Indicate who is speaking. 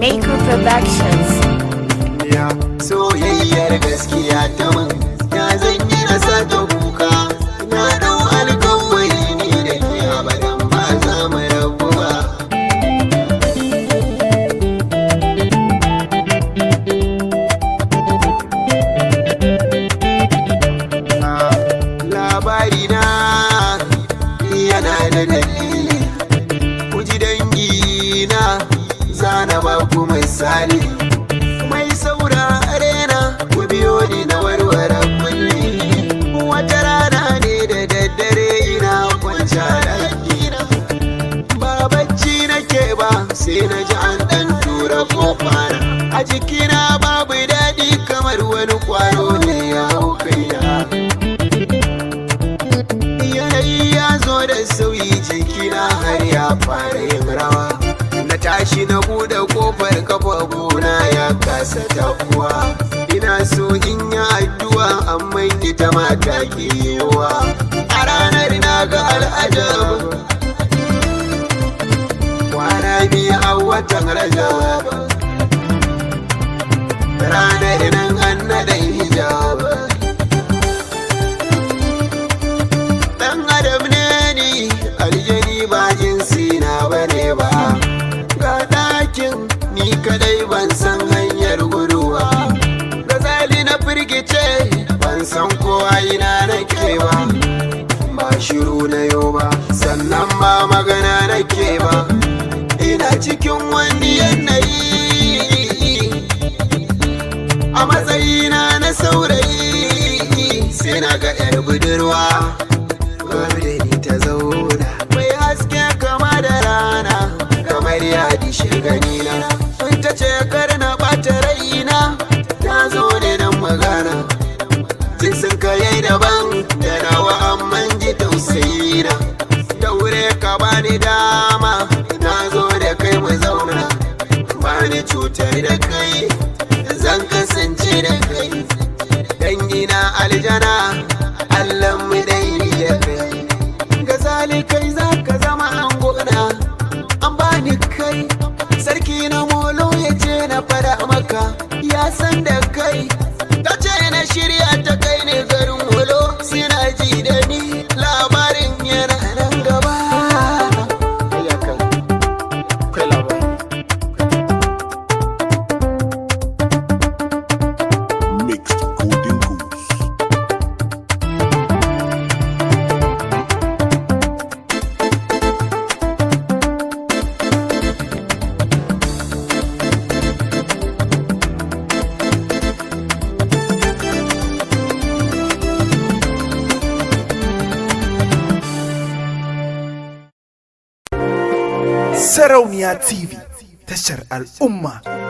Speaker 1: Maker Productions. Ya soyayyar gaskiya ta man, ya zan yi rasa ta kuka, na dau alkawari ne da ke abadan ba za mu rabu ba. Ah, Labari na yana da dalili. sali mai saura arena ku biyo ni na warware kulli wata rana ne da daddare ina kwanta ɗakina ba bacci nake ba sai na ji an ɗan tura kofara a jikina babu daɗi kamar wani kwaro ne ya hukai na buɗe kofar gona ya kasa tafuwa ina so in yi addu'a amma ita mata ta yiwa a ranar na ga al'ajab kwana biyu a watan rajab ranar nan an naɗa cikin ni kadai ban san hanyar guduwa gazali na firgice ban san kowa ina nake ba ba shiru na yau ba sannan ba magana nake ba ina cikin wani yanayi a matsayina na saurayi sai na ga 'yar budurwa gani ta ce kar na bata raina ta zo ne nan magana ji sun kaye daban da nawa amman ji tausayi na daure ka bani dama na zo da kai mu zauna bani cutar da kai zan kasance da kai dangina aljana Send a kai Sarauniya TV, tashar al'umma.